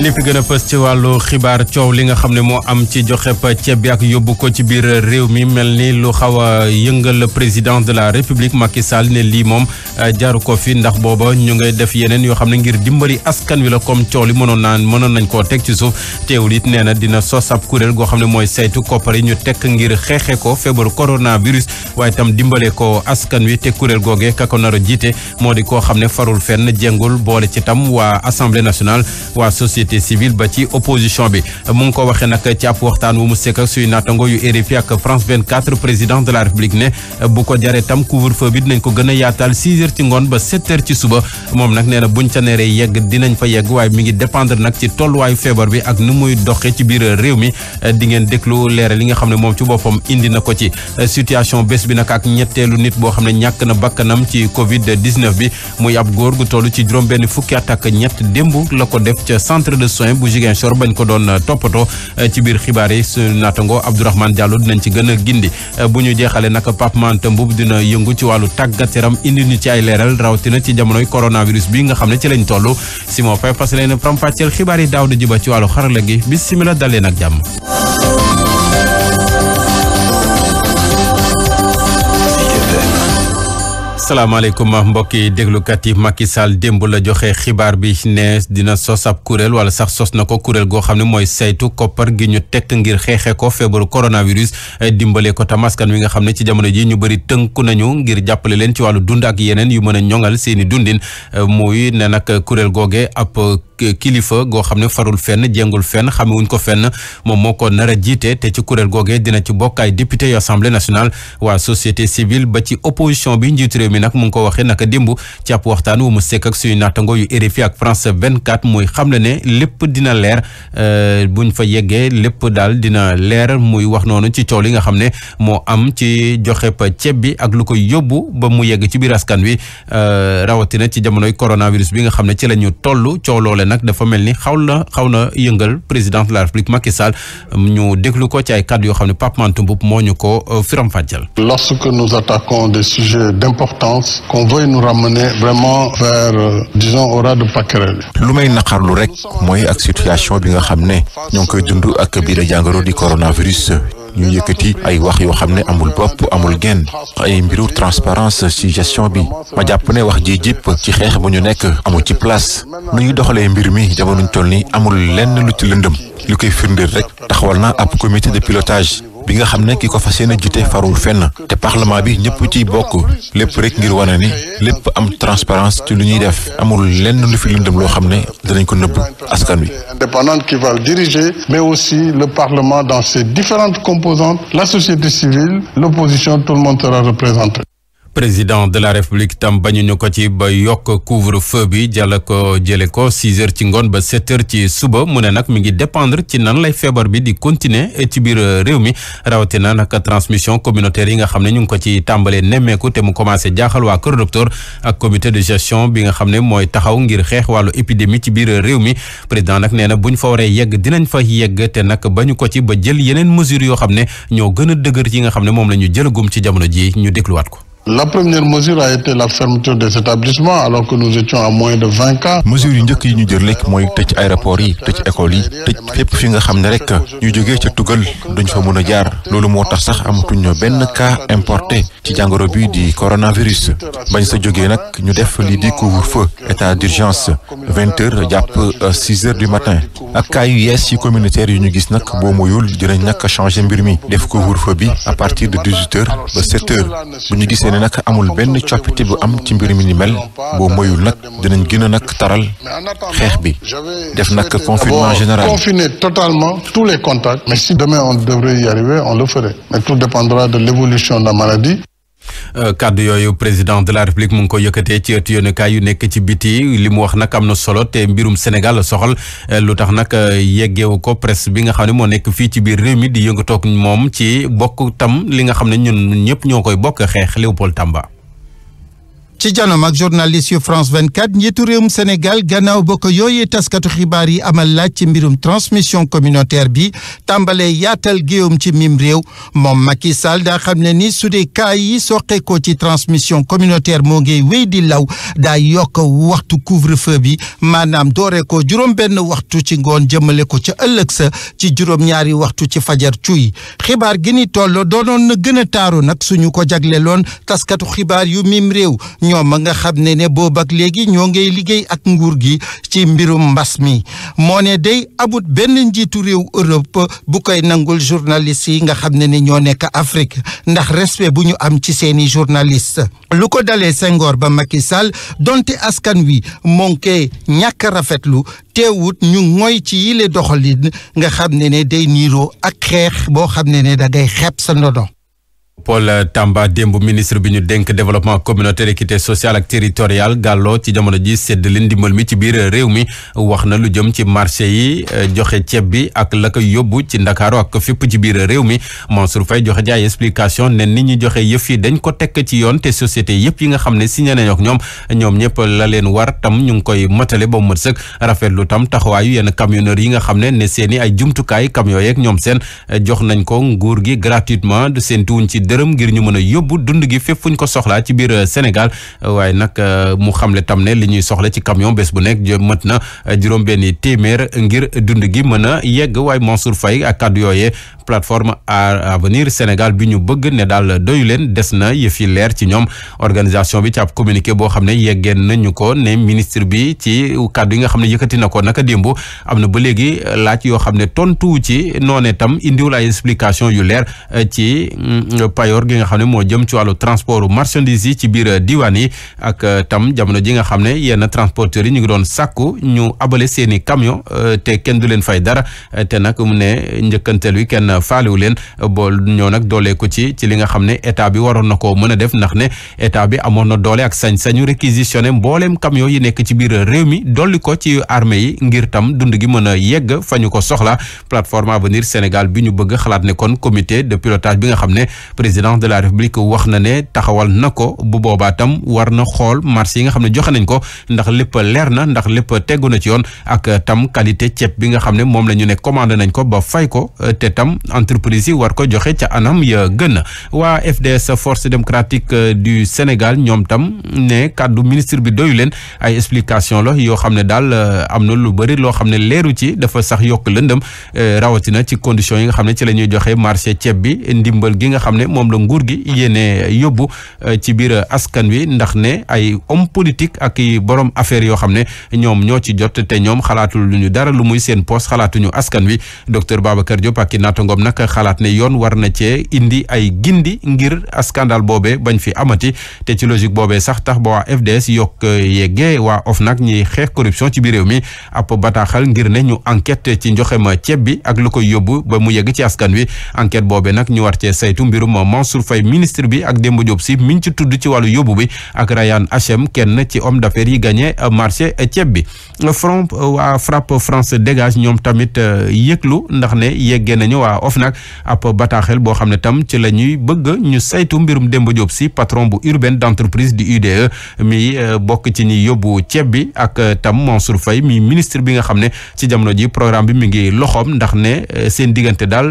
li fi gën a ci wàllu xibaar coow li nga xam ne moo am ci joxeb ceeb bi ak yóbbu ko ci biir réew mi mel ni lu xaw a yëngal président de la république Macky Sall ne lii moom euh, jaaru ko fi ndax booba ñu ngay def yeneen yoo xam ne ngir dimbali askan wi la comme coow li mënoon naan mënoon nañ koo teg ci suuf teewul it nee na dina sos kuréel goo xam ne mooy saytu koppar yi ñu tekk ngir xeexee ko feebaru coronavirus waaye itam dimbale ko askan wi te kuréel googe ka ko nar a jiite moo di koo xam ne farul fenn jengul boole ci tam waa assemblée nationale waa société civile ba ci opposition bi mu ngi ko waxee nag ci ab waxtaan wu mu sekk ak suy naatango yu RFI ak France 24 président de la République ne bu ko jaree tam couvre-feu bi dinañ ko gën a ci ngoon ba 7 ci suba moom nag nee buñ ca neree yegg dinañ fa yegg waaye mi ngi dépendre nag ci tolluwaayu feebar bi ak nu muy doxee ci biir réew mi di ngeen déglu li nga xam ne moom ci boppam indi na ko ci situation bés bi nag ak ñetteelu nit boo xam ne ñàkk na bakkanam ci Covid 19 bi muy ab góor gu toll ci juróom de soins bu Ziguinchor bañ ko doon euh, toppatoo euh, ci biir xibaar yi su naatango Abdourahmane Diallo dinañ ci gën a gindi euh, bu ñu jeexalee nag Pape Mante Mboup dina yëngu ci wàllu tàggat yaram indi ñu ci ay leeral rawatina ci jamonoy coronavirus bi nga xam ne ci lañ toll si moo fay fas leen faram xibaar yi daaw di jiba ci wàllu xarala gi bisimilah daleen nag jàmm salaamaaleykum mbokki déglukat yi Macky Sall démb la joxe xibaar bi ne dina sos ab kuréel wala sax sos na ko kuréel goo xam ne mooy saytu koppar gi ñu tekk ngir xeexee ko feebaru coronavirus eh, dimbale ko tam maskan wi nga xam ne ci jamono ji ñu bari tënku nañu ngir jàppale leen ci wàllu dund ak yeneen yu mën a seeni seen i dundin eh, muy ne nag kuréel googe ab. kilifa goo xam ne farul fenn jéngul fenn xamewuñ ko fenn moom moo ko nar a jiite te ci kuréel googee dina ci bokk ay député yu assemblée nationale waa société civile ba ci opposition bi njiitu réew mi nag mu ngi ko waxee naka démb ci ab waxtaan wu mu sekk ak suñu naatango yu RFI ak France 24 muy xam le ne lépp dina leer euh, buñ fa yeggee lépp daal dina leer muy wax noonu ci coow li nga xam ne moo am ci joxe pa ceeb bi ak lu ko yóbbu ba mu yegg ci biir askan wi euh, rawatina ci jamonoy coronavirus nag dafa mel ni xaw na xaw na yëngal président de la république Macky Sall ñu déglu ko ci ay kàddu yoo xam ne Pape Mante Mboup moo ñu ko euh, firam fàcceel. lorsque nous attaquons des sujets d'importance qu'on veuille nous ramener vraiment vers euh, disons au ras de pâquerelle. lu may naqarlu rek mooy ak situation bi nga xam ne ñoo ngi koy dund ak biir jàngoro di coronavirus. ñu yëkkati ay wax yoo xam ne amul bopp amul genn ay mbiru transparence ci gestion bi ma jàpp ne wax ji jip ci xeex bu ñu nekk amul ci place nu ñuy doxalee mbir mi jamono ñu toll ni amul lenn lu ci lëndëm li koy firndeel rek taxawal na ab comité de pilotage bi nga xam ne ki ko fas yéene jite farul fenn te parlement bi ñëpp ciy bokk lépp rek ngir wane ni lépp am transparence ci lu ñuy def amul lenn lu fi lëndëm loo xam ne danañ ko nëbb askan wi. indépendante qui va le diriger mais aussi le parlement dans ses différentes composantes la société civile l'opposition tout le monde sera représenté. président de la république tam bañuñu ko ci ba yokk couvre feu bi jàll ko jële ko six heures ci ngoon ba sept ci suba mu ne nag mi ngi dépendre ci nan lay feebar bi di continuer ci biir euh, réew mi rawatina nag transmission communautaire yi nga xam ne ñu ngi ko ci tàmbalee nemmeeku te mu commencé jaaxal waa kër docteur ak comité de gestion bi nga xam ne mooy taxaw ngir xeex wàllu épidémie ci biir euh, réew mi président nag nee na buñ fa waree yegg dinañ fa yegg nag bañu ko ci ba jël yeneen mesures yoo xam ne ñoo gën dëgër yi nga xam ne moom la ñu jëlagum ci jamono ji ñu dégluwaat ko La première mesure a été la fermeture des établissements alors que nous étions à moins de vingt cas. mesures yu njëkk yi ñu jël léegi mooy tëj aéroport yi tëj école yi tëj fépp fi nga xam ne rek ñu jógee ca tugal duñ fa mën jaar loolu moo tax sax amatuñu benn cas importé ci jàngoro bi di coronavirus bañ sa jógee nag ñu def lii di couvre-feu état d'urgence vingt heures jàpp euh, six heures du matin ak cas yu yees yi communautaire yu ñu gis nag boo moyul dinañ nag changer mbir mi def couvre-feu bi à de dix nak amul benn coppite bu am ci mbir mi ni mel boo moyul nag dinañ gën a nag taral xeex bi def nag confinement général. confiner totalement tous les contacts. mais si demain on devrait y arriver on le ferait mais tout dépendra de l'évolution de la maladie. Euh, kàddu yooyu président de la république mu ngi ko yëkkatee ci ëtt yónnekaay yu nekk ci biti li mu wax nag am na solo te mbirum Sénégal soxal euh, lu tax nag euh, yeggeewu ko presse bi nga xam ne moo nekk fii ci biir réew mi di yëngatoog moom ci bokk tam li nga xam ne ñun ñëpp ñoo koy bokk xeex Léopold Tamba. ci janoom ak journaliste yu France 24 njiitu réewum Sénégal gannaaw ba ko yooyee taskatu xibaar yi amal laaj ci mbirum transmission communautaire bi tàmbalee yaatal géewum ci mim réew moom Macky Sall daa xam ne ni su dee cas yi soqeekoo ci transmission communautaire moo ngi wéy di law daa yokk waxtu couvre-feu bi maanaam doore ko juróom-benn waxtu ci ngoon jëmale ko ca ëllëg sa ci juróom-ñaari waxtu ci fajar cuy xibaar gi ni toll doonoon na gën a taaru nag suñu ko jagleloon taskatu xibaar yu mim réew. ñoom nga xam ne ne boobak léegi ñoo ngay liggéey ak nguur gi ci mbirum mbas mi moo ne day amut benn njiitu réew Europe bu koy nangul journaliste yi nga xam ne ne ñoo nekk Afrique ndax respect bu ñu am ci seeni journaliste lu ko dalee Senghor ba Macky Sall donte askan wi monkee ñàkk rafetlu teewut ñu mooy ci yile doxalin nga xam ne ne day niiroo ak xeex boo xam ne ne dagay ngay xeeb sa ndono Paul Tamba démb ministre bi ñu dénk développement communautaire équité sociale ak territoriale Gallo ci jamono ji sedd leen ndimbal mi ci biir réew mi wax na lu jëm ci marché yi euh, joxe ceeb bi ak la yóbbu ci ndakaaru ak fépp ci biir réew mi Mansour Faye joxe ci ay explication ne ni ñu joxe yëf yi dañ ko tekk ci yoon te société yëpp yi nga xam ne si nañu ak ñoom ñoom ñëpp la leen war tam ñu ngi koy matale ba mu mët sëkk rafetlu tam taxawaayu yenn camionneur yi nga xam ne ne seen i ay jumtukaay camion yeeg dërëm ngir ñu mën a yóbbu dund gi fépp fuñ ko soxlaa ci biir euh, Sénégal euh, waaye nag euh, mu xamle tam ne li ñuy soxla ci camion bés bu nekk jë mët na juróom benn téeméer ngir dund gi mën a yegg waaye Mansour fay ak kàddu yooyee plateforme à avenir Sénégal bi ñu bëgg ne daal doyu leen des na yëf yi leer ci ñoom organisation bi ci ab communiqué boo xam ne yeggeen nañu ko ne ministre bi ci kàddu yi nga xam ne yëkkati na ko naka démb am na ba léegi laaj yoo xam ne tontu ci noonee tam indiwul ay explication yu leer euh, ci mm, payoor gi nga xam ne moo jëm ci wàllu transport marchandise yi ci biir euh, diwaan yi ak euh, tam jamono ji nga xam ne yenn transporteurs yi ñu ngi doon sàkku ñu abale seeni camion te kenn du leen fay dara faalewu leen bool ñoo nag doolee ko ci ci li nga xam ne état bi waroon na koo mën a def ndax ne état bi amoon na doole ak sañ-sañu réquisitionné mbooleem camion yi nekk ci biir réew mi dolli ko ci armée yi ngir tam dund gi mën a yegg fa ñu ko soxla plateforme avenir Sénégal bi ñu bëgg xalaat ne kon comité de pilotage bi nga xam ne président de la république wax na ne taxawal na ko bu boobaa tam war na xool marché yi nga xam ne joxe nañ ko ndax lépp leer na ndax lépp tegu na ci yoon ak tam qualité ceeb bi nga xam ne moom la ñu ne commandé nañ ko ba fay entreprise yi war ko joxe ca anam ya gën waa FDS force démocratique euh, du Sénégal ñoom tam ne kàddu ministre bi doyu leen ay explication la yoo xam ne daal euh, am na lu bëri loo xam ne leeru ci dafa sax yokk lëndëm euh, rawatina ci conditions yi nga xam ne ci la ñuy joxe marché ceeb bi ndimbal gi nga xam ne moom la nguur gi yéene yóbbu ci biir askan wi ndax ne ay homme politique ak i borom affaire yoo xam ne ñoom ñoo ci jot te ñoom xalaatul lu ñu dara lu muy seen poste xalaatuñu askan wi docteur Babacar Diop ak i moom xalaat ne yoon war na cee indi ay gindi ngir scandale boobee bañ fi amati te ci logique sax tax ba waa FDS yokk yeggee waa OFNAC ñiy xeex corruption ci biir réew mi ab bataaxal ngir ne ñu enquête ci njoxema ceeb bi ak lu koy yóbbu ba mu yegg ci askan wi enquête boobe nag ñu war cee saytu mbirum Mansour Faye ministre bi ak Demba Diop si miñ ci tudd ci wàllu yóbbu bi ak Rayane Hachem kenn ci homme d'affaires yi gagné marché ceeb bi front waa frappe France dégage ñoom tamit euh, yëglu ndax ne yeggee nañu waa waa OFNAC ab bataaxel boo xam ne tam ci la ñuy bëgg ñu saytu mbirum Demba Diop si patron bu urbaine d' entreprise du UDE mi euh, bokk ci ñi yóbbu ceeb bi ak euh, tam Mansour Faye mi ministre bi nga xam ne ci jamono ji programme bi mi ngi loxoom ndax ne euh, seen diggante daal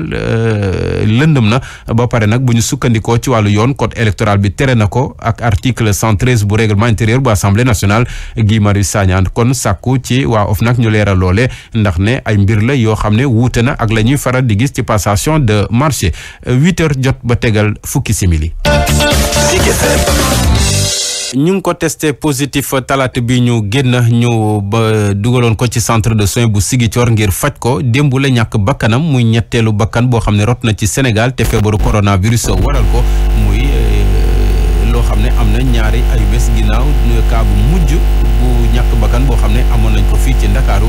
lëndëm na ba pare nag bu ñu sukkandikoo ci wàllu yoon code électoral bi tere na ko ak article 113 bu règlement intérieur bu assemblée nationale Guy Marius kon sàkku ci waa OFNAC ñu leeral loole ndax passation de marché euh, huit heures jot ba tegal fukki simili. ñu ngi ko testé positif talaata bi ñu génn ñu ba dugaloon ko ci centre de soins bu Ziguinchor ngir faj ko démb la ñàkk bakkanam muy ñetteelu bakkan boo xam ne rot na ci Sénégal te feebaru coronavirus waral ko muy euh, loo xam ne am na ñaari ay bés ginnaaw euh, cas bu mujj. ñàkk bakkan boo xam ne amoon nañ ko fii ci ndakaaru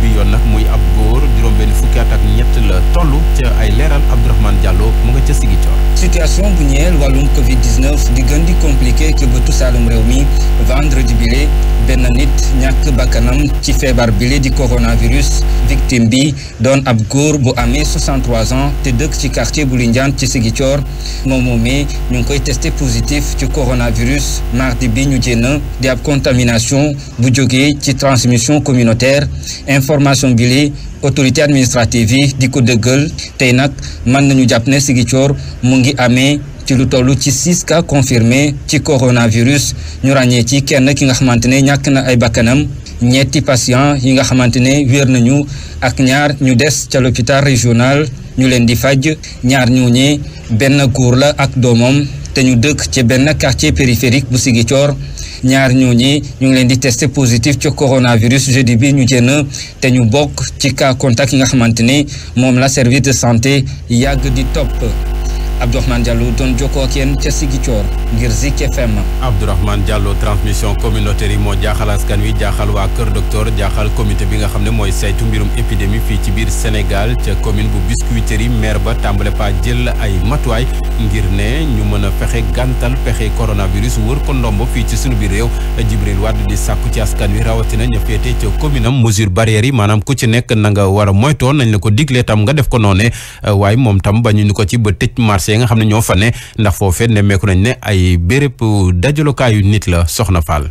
bi yoon nag muy ab góor juróom benn fukki at ak ñett la toll ca ay leeral Abdourahmane Diallo mu nga ca Ziguinchor situation bu ñeel wàllum covid 19 di gën di compliqué ci bëtu saalum réew mi vendredi bile benn nit ñàkk bakkanam ci feebar bi li di coronavirus victime bi doon ab góor bu amee 63 ans te dëkk ci quartier bu Lindiane ci Ziguinchor moom moomee ñu ngi koy testé positif ci coronavirus mardi bi ñu jénn di ab contamination bu jógee ci transmission communautaire information bi li autorité administrative yi di ko dëggal tey nag mën nañu jàpp ne mu ngi amee ci lu toll ci six cas confirmés ci coronavirus ñu ràññee ci kenn ki nga xamante ne ñàkk na ay bakkanam ñetti patient yi nga xamante ne wér nañu ak ñaar ñu des ca l'hôpital régional ñu leen di faj ñaar ñooñee benn góor la ak doomam te ñu dëkk ci benn quartier périphérique bu Ziguinchor ñaar ñooñi ñu ngi leen di testé positif ci coronavirus jeudi bi ñu génn te ñu bokk ci cas contact yi nga xamante ne moom la service de santé yàgg di topp. Abdourahmane Diallo doon jokkoo ak yéen ca Sigicoor ngir Zik FM. Abdourahmane Diallo transmission communautaire yi moo jaaxal askan wi jaaxal waa Kër Docteur jaaxal comité bi nga xam ne mooy saytu mbirum épidémie fii ci biir Sénégal ca commune bu yi maire ba tàmbale pa jël ay matuwaay ngir ne ñu mën a fexe gàntal fexe coronavirus wër ko ndombo fii ci sunu biir réew a Jibril Wade di sàkku ci askan wi rawatina ñu féete ca commune am mesure barrière yi maanaam ku ci nekk na nga war a moytoo ko diglee tam nga def ko noonee waaye moom tam bañu ñu marché nga xam ne ñoo fa ne ndax foofee nemmeeku nañ ne ay béréb dajalukaayu nit la soxna Fall.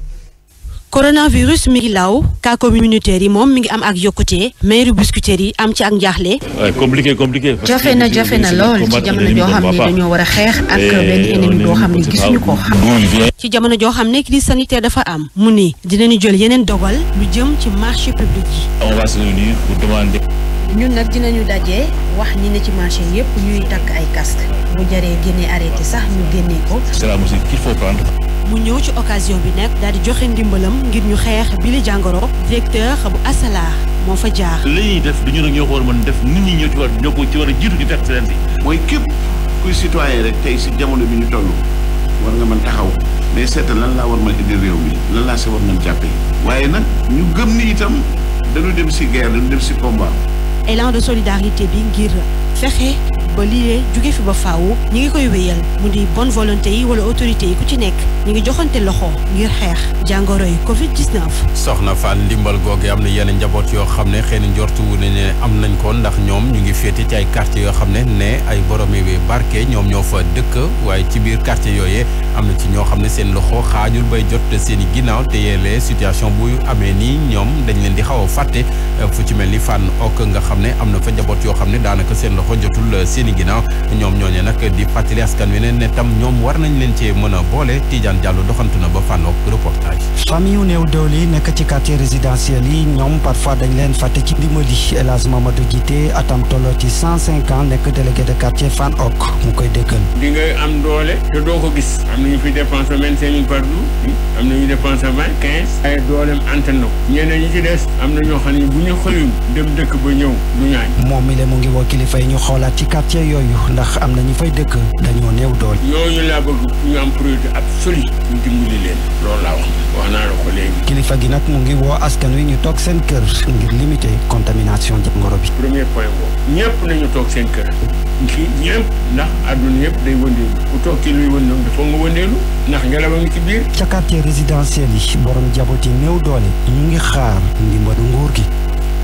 coronavirus mi ngi law cas communautaire yi moom mi ngi am ak yokkute mairie Biscuiterie yi am ci ak njaaxle. compliqué compliqué. jafe na jafe na lool ci jamono joo xam ne dañoo war a xeex ak benn ennemi boo ko xam. ci jamono joo xam ne crise sanitaire dafa am mu ni dinañu jël yeneen dogal lu jëm ci marché public yi. ñun nag dinañu dajee wax ñi ne ci marché yépp ñuy takk ay casque mu jaree génnee arrêté sax ñu génnee ko. c'est la mesure qu'il faut mu ñëw ci occasion bi nag daal di joxe ndimbalam ngir ñu xeex bi li jàngoro directeur bu asalaar moo fa jaar. li def du ñu ne ñoo ko war mën def nit ñi ñoo ci war ñoo ko ci war a jiitu ñu fekk si leen si. mooy képp kuy citoyen rek tey si jamono bi ñu toll war nga mën taxaw mais seetal lan laa war mën indi réew mi lan laa si war mën jàppee waaye nag ñu gëm ni itam dañu dem si guerre dañu dem si combat. élan de solidarité bi ngir fexe ba lilee jóge fi ba faawu ñu ngi koy wéyal mu di bonne volonté yi wala autorité yi ku ci nekk ñi ngi joxante loxo ngir xeex jàngoro yi covid 19 soxna Fall ndimbal googu am na yenn njaboot yoo xam ne xëy na njortu wu ne am nañ ko ndax ñoom ñu ngi féete ci ay quartier yoo xam ne ne ay boromi barke ñoom ñoo fa dëkk waaye ci biir quartier yooyee am na ci ñoo xam ne seen loxo xaajul bay jot seen i ginnaaw te yeelee situation bu amee nii ñoom dañ leen di xaw a fàtte fu ci mel ni fànn ok nga xam ne am na fa njaboot yoo xam ne daanaka seen loxo jotul seen seeni ginnaaw ñoom ñooñe nag di fàttali askan wi ne tam ñoom war nañ leen cee mën a boole Tidiane Diallo doxantu na ba fànn reportage. famille yu néew doole yi nekk ci quartier résidentiel yi ñoom parfois dañ leen fàtte ci dimbali El Hadj Mamadou Guité atam tolloo ci nekk délégué de quartier Fann mu koy dëkkal. di nga am doole te doo ko gis. am nañu fi dépense vingt par jour am nañu dépense vingt quinze. ay dooleem antan na ko. ñeneen ñi ci des am na ñoo quartier yooyu ndax am na ñu fay dëkk dañoo néew dool ñooñu laa bëgg ñu am priorité absolue ñu dimbali leen loolu laa wax wax naa la ko léegi kilifa gi nag mu ngi woo askan wi ñu toog seen kër ngir limiter contamination jangoro bi premier point boobu ñëpp nañu toog seen kër ngi ñëpp ndax àdduna yëpp day wëndeelu ku toog ci luy wëndeelu dafa nga wëndeelu ndax ngelaw a ngi ci biir ca quartier résidentiel yi borom jaboti néew doole ñu ngi xaar ndimbalu nguur gi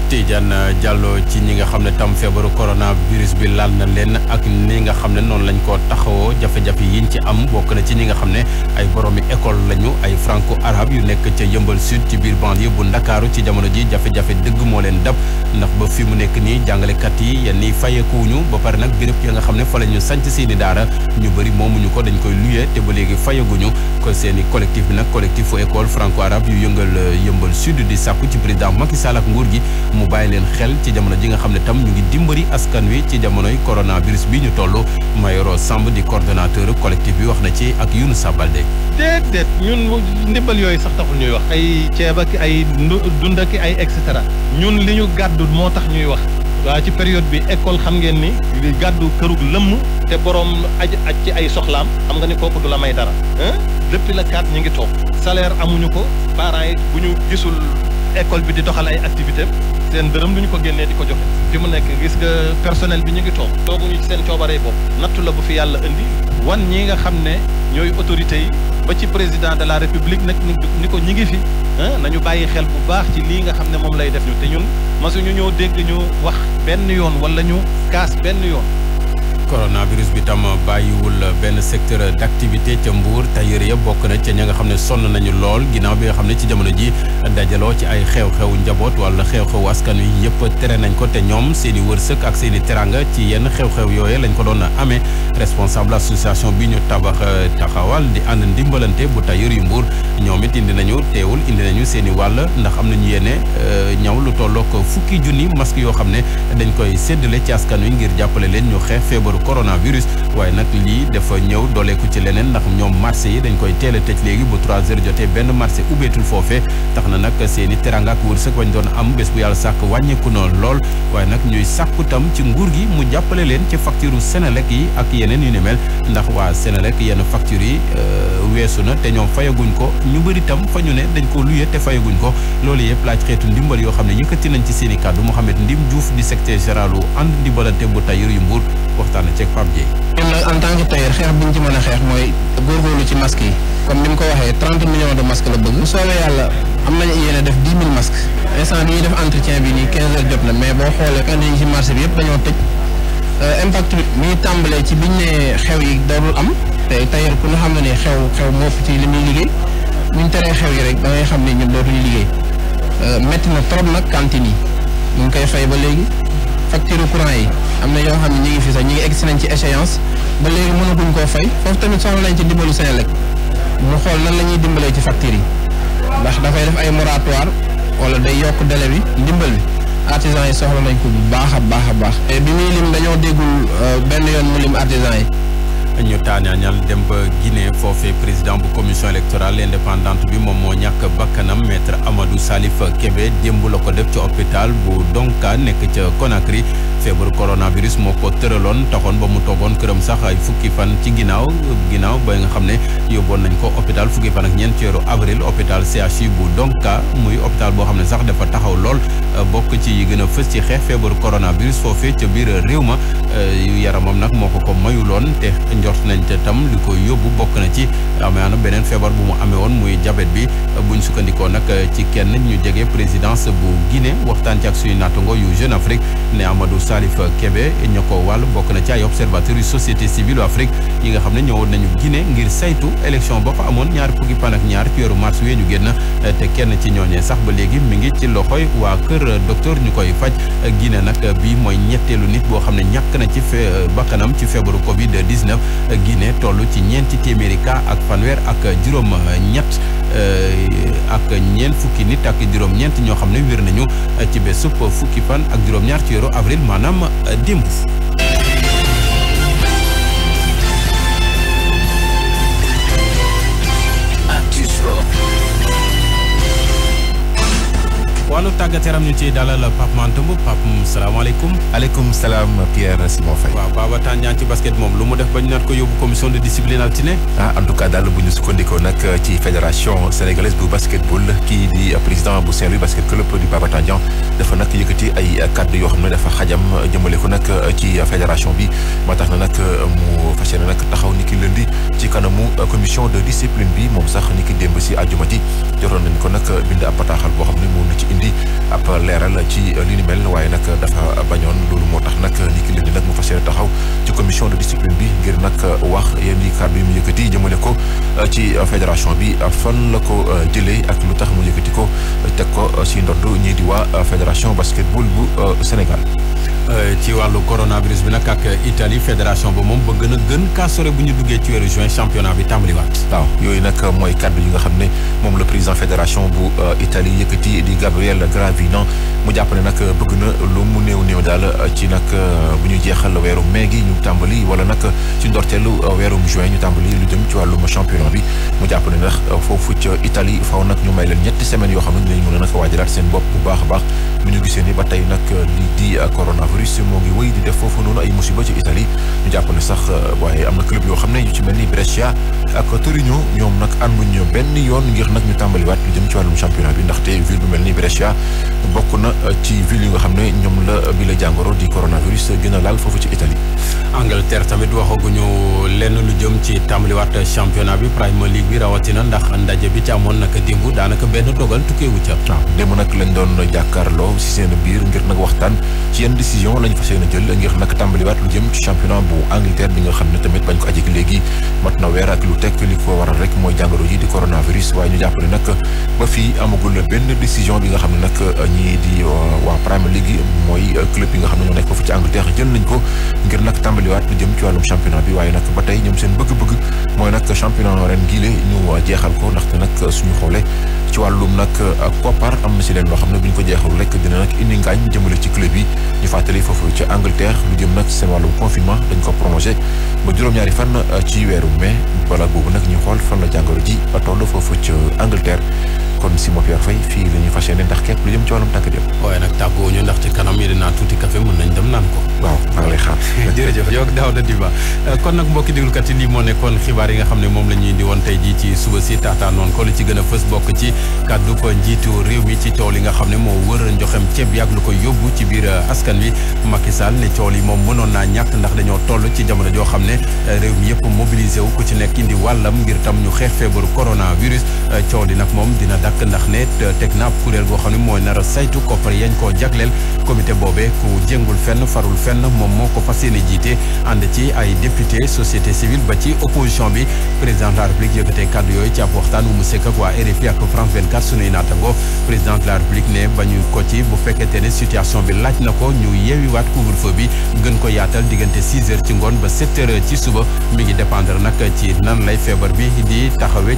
Tidiane Diallo ci ñi nga xam ne tam feebaru coronavirus bi laal na leen ak ni nga xam ne noonu lañ ko taxawoo jafe-jafe yiñ ci am bokk na ci ñi nga xam ne ay boroomi école lañu ay franco arabe yu nekk ca yëmbal sud ci biir banlieue bu ndakaaru ci jamono ji jafe-jafe leen dab ndax ba fi mu nekk nii jàngalekat yi yenn yi fayekuwuñu ba pare nag béréb ya nga xam ne fa la ñu sanc seeni daara ñu bëri moomuñu ko dañ koy luyee te ba léegi fayaguñu ko seeni collectif bi nag collectif fu école franco arabe yu yëngal yëmbal sud di sàkku ci président Macky Sall ak gi mu bàyyi leen xel ci jamono ji nga xam ne tam ñu ngi dimbali askan wi ci jamonoy coronavirus bi ñu toll Mayoro Samb di coordonnateur collectif bi wax na ci ak Younoussa Baldé. déedéet ñun ndimbal yooyu sax taxul ñuy wax ay ceeb ak ay dund ak ay et cetera ñun li ñu gàddu moo tax ñuy wax. waa ci période bi école xam ngeen ni li gàddu kërug lëmm te borom aj aj ci ay soxlaam xam nga ni kooku du la may dara depuis la kat ñu ngi toog salaire amuñu ko parents yi bu ñu gisul école bi di doxal ay activité seen dërëm du ñu ko génnee di ko joxe fi mu nekk gis nga personnel bi ñu ngi toog tooguñu ci seen coobaree bopp nattu la bu fi yàlla indi wan ñi nga xam ne ñooy autorités yi ba ci président de la république nag ni ko ñi ngi fi nañu bàyyi xel bu baax ci lii nga xam ne moom lay def ñu te ñun masuñu ñoo dégg ñu wax benn yoon wala ñu kaas benn yoon coronavirus bi tam bàyyiwul benn secteur d' activité ca Mbour tailleur ya bokk na ca ña nga xam ne sonn nañu lool ginnaaw bi nga xam ne ci jamono ji dajaloo ci ay xew xew njaboot wala xew-xewu askan wi yëpp tere nañ ko te ñoom seen i wërsëg ak seen i teranga ci yenn xew-xew yooyu lañ ko doon amee responsable association bi ñu tabax euh, taxawal di ànd ndimbalante bu tailleur yu Mbour ñoom it indi nañu teewul indi nañu seen i wàll ndax am nañu yéene euh, ñaw lu tollook fukki junni masque yoo xam ne dañ koy séddale ci askan wi ngir jàppale leen ñu xeex feebaru birus waaye nag lii dafa ñëw dooleeku ci leneen ndax ñoom marché yi dañ koy teel a tëj léegi bu 3 heures jotee benn marché ubbeetul foofee tax na nag seen i teranga ak wërsëg wañ doon am bés bu yàlla sàkk wàññeeku noonu lool waaye nag ñuy sàkku tam ci nguur gi mu jàppale leen ci facture Senelec yi ak yeneen yu ni mel ndax waa Senelec yenn facture yi euh, weesu na te ñoom fayaguñ ko ñu bëri tam fa ñu ne dañ ko luye te fayaguñ ko loolu yëpp laaj xeetu ndimbal yoo xam ne yëkkati nañ ci seen i kàddu Mouhamed Ndim Diouf di secrétaire général ànd ndimbalante bu Tailleur yu Mbour waxtaane ceeg Pape Dieye. en tant que tailleur xeex bi ñu ci mën a xeex mooy góorgóorlu ci masques yi comme ni mu ko waxee trente millions de masques la bëgg. bu soobee yàlla am nañu yéen a def dix mille masques instant bi ñuy def entretien bi nii quinze heures jot na mais boo xoolee indi ñu ci marché bi yëpp dañoo tëj euh, tàmbalee ci biñ ne xew yi darul am te tailleur ku ñu xam ne ne xew xew moo fi ci li muy liggéey buñ teree xew yi rek da ngay xam ne ñun dootuñu liggéey euh, métti na trop nag cantine yi ñu ngi koy fay ba léegi. facture courant yi am na yoo xam ne ñu ngi fi sax ñu ngi egsi ci échéance ba léegi mënatuñ koo fay foofu tamit soxla nañ ci dimbalu Senelec mu xool nan la ñuy dimbalee ci facture yi ndax dafay def ay moratoire wala day yokk délai bi ndimbal bi artisan yi soxla nañ ko bu baax a baax a baax. bi muy lim dañoo déggul euh, benn yoon mu lim artisan yi. ñu taañaañal dem ba Guinée foofee président bu commission électorale indépendante bi moom moo ñàkk bakkanam maître Amadou Salif Kébé démb la ko def ci hôpital bu Donka nekk ca Conakry feebaru coronavirus moo ko tëraloon taxoon ba mu toogoon këram sax ay fukki fan ci ginnaaw ginnaaw ba nga xam ne yóbboon nañ ko hôpital fukki fan ak ñeent weeru avril hôpital CHU bu Donka muy hôpital boo xam ne sax dafa taxaw lool bokk ci yi gën a fës ci xeex feebaru coronavirus foofee ca biir réew ma yaramam nag moo ko ko mayuloon te njor nañ ca tam li ko yóbbu bokk na ci amaana beneen feebar bu mu amee woon muy jabet bi buñ sukkandikoo nag ci kenn ñu jege présidence bu Guinée waxtaan ci ak suñu Salif Kébé ña ko wàll bokk na ci ay observateur yu société civile Afrique yi nga xam ne ñëwoon nañu Guinée ngir saytu élection ba fa amoon ñaar fukki pan ak ñaar ci weeru mars wee ñu génn te kenn ci ñooñee sax ba léegi mi ngi ci loxoy waa kër docteur ñu koy faj Guinée nag bii mooy ñetteelu nit boo xam ne ñàkk na ci fee bakkanam ci feebaru Covid 19 Guinée toll ci ñeenti téeméeri cas ak fanweer ak juróom ñett eh, ak ñeent fukki nit ak juróom ñeent ñoo xam ne nañu ci bésub fukki fan ak maanaam démb. wàllu tàggat yaram ñu ciy dalal Pape Mantoumb Pape salaamaaleykum. aleykum salaam Pierre Simon Faye. waaw Baba Tandian ci basket moom lu mu def ba ñu naat ko yóbbu commission de discipline altine. ah en tout cas daal bu ñu sukkandikoo nag ci fédération sénégalaise bu basketball kii di président bu Saint-Louis basket club di Baba Tandian dafa nag yëkkati ay kàddu yoo xam ne dafa xajam jëmale ko nag ci fédération bi moo tax na nag mu fas yéene nag taxaw ni ki lundi ci kanamu commission de discipline bi moom sax ni ki démb si àjjuma ji na nañ ko nag bind ab ci li ni mel waaye nag dafa bañoon loolu moo tax nag ni ki leen di nag mu fas yéene taxaw ci commission de discipline bi ngir nag wax yenn i kàddu bi mu yëkkati jëmale ko euh, ci fédération bi euh, fan la ko euh, jëlee ak lu tax mu yëkkati ko teg ko si ndodd ñii di waa fédération basketball bu Sénégal Euh, ci wàllu coronavirus bi nag ak Italie fédération ba moom bëgg na gën kaa sore bu ñu duggee ci weeru juin championnat bi tàmbaliwaat. waaw yooyu nag mooy kàddu yi nga xam ne moom la président fédération bu euh, Italie yëkkati di Gabriel Gravina mu jàpp ne nag bëgg na lu mu néew néew daal ci nag euh, bu ñu jeexal weeru mai gi ñu tàmbali wala nag ci ndorteelu weerum juin ñu tàmbali lu jëm ci wàllum championnat bi mu jàpp ne ndax foofu ca Italie faw nag nag waajalaat seen bopp bu baax a baax bu ñu gisee ni ba tey nag di di coronavirus moo ngi wéy di def foofu noonu ay musiba ci Italie ñu jàpp ne sax euh, waaye am na club yoo xam ne ñu ci mel ni Brescia ak Torino ñoom nag ànduñu benn yoon ngir nag ñu tàmbaliwaat lu jëm ci wàllum championnat bi ndaxte ville bu mel ni Brescia bokk na euh, ci ville yi nga xam ne ñoom la bi la jàngoro di coronavirus gën a laal foofu ci Italie. Angleterre tamit waxaguñu lenn lu jëm ci tàmbaliwaat championnat bi Premier League bi rawatina ndax ndaje bi ci amoon naka démb daanaka benn dogal tukkeewu ca. waaw démb nag lañ doon jàkkaarloo si seen biir ngir nag waxtaan ci yenn décision lañu fas yéene jël ngir nag tàmbaliwaat lu jëm ci championnat bu Angleterre sanitaire li nga xam ne tamit bañ ko aji léegi mat na weer ak lu teg li ko waral rek mooy jàngoro di coronavirus waaye ñu jàpp ne ba fii amagul benn décision bi nga xam ne nag ñii di euh, waa Premier League mooy club yi nga xam ne ñoo nekk foofu ci Angleterre jël nañ ko ngir nag tàmbaliwaat lu jëm ci wàllum championnat bi waaye nag ba tey ñoom seen bëgg-bëgg mooy ñu euh, jeexal ko ndaxte nag suñu xoolee ci wàllum nag euh, koppar am na si leen loo xam ne bu ko jeexal rek dina nag indi ngaañ jëmale ci club yi ñu fàttali foofu ci Angleterre lu jëm nag seen ba juróom-ñaari fan eh, ci weeru mais balaa boobu nag ñu xool fan la jàngoro ji a toll foofu ci Angleterre. kon si Pierre Faye fii la ñuy fas yéene ndax képp lu jëm ci wàllum tàkk jëm waaye nag tàggoo ñu ndax yi dinaa tuuti café mën nañ dem naan ko waaw maa ngi lay xaar jërëjëf yow Daouda Diba kon nag mbokki déglukat yi lii moo nekkoon xibaar yi nga xam ne moom la ñuy indi tey jii suba si taataan noonu ci gën a ci kàddu ko njiitu réew mi ci coow nga xam ne moo wër njoxem ceeb yàgg lu ko yóbbu ci biir uh, askan wi Macky ne coow moom mënoon naa ñàkk ndax dañoo toll ci jamono joo xam ne uh, réew mi yëpp mobilisé ku ci nekk indi wàllam ngir tam ñu xeex feebaru coronavirus coow uh, li nag moom dina dakk nag ndax ne teg na goo xam ne mooy nar a saytu koppar yañ koo jagleel comité boobee ku jéngul fenn farul fenn moom moo ko fas yéene jiite ànd ci ay député société civile ba ci opposition bi président de la république yëkkatee kàddu yooyu ci ab waxtaan wu mu sekk waa RFI ak France 24 sunuy naatango président la république ne bañu ko ci bu fekkente ne situation bi laaj na ko ñu yeewiwaat couvre-feu bi gën ko yaatal diggante 6 heures ci ngoon ba 7 heures ci suba mi ngi dépendre nag ci nan lay feebar bi di taxawee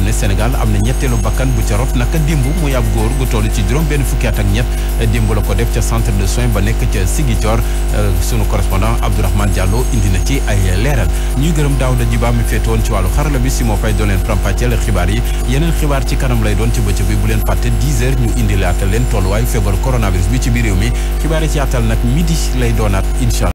xam ne Sénégal am na ñetteelu bakkan bu ca rot naka démb muy ab góor gu toll ci juróom benn fukki at ak ñett démb la ko def ca centre de soins ba nekk ca Ziguinchor euh, sunu correspondant Abdourahmane Diallo indi na ci ay leeral ñuy gërëm Daouda Djiba mi féetewoon ci wàllu xarala bi si moo fay doon leen faram-fàcceel xibaar yi yeneen xibaar ci kanam lay doon ci bëccëg bi bu leen fàtte 10 heures ñu indi laata leen tolluwaay feebar coronavirus bi ci biir réew mi xibaar yi ci doonaat incha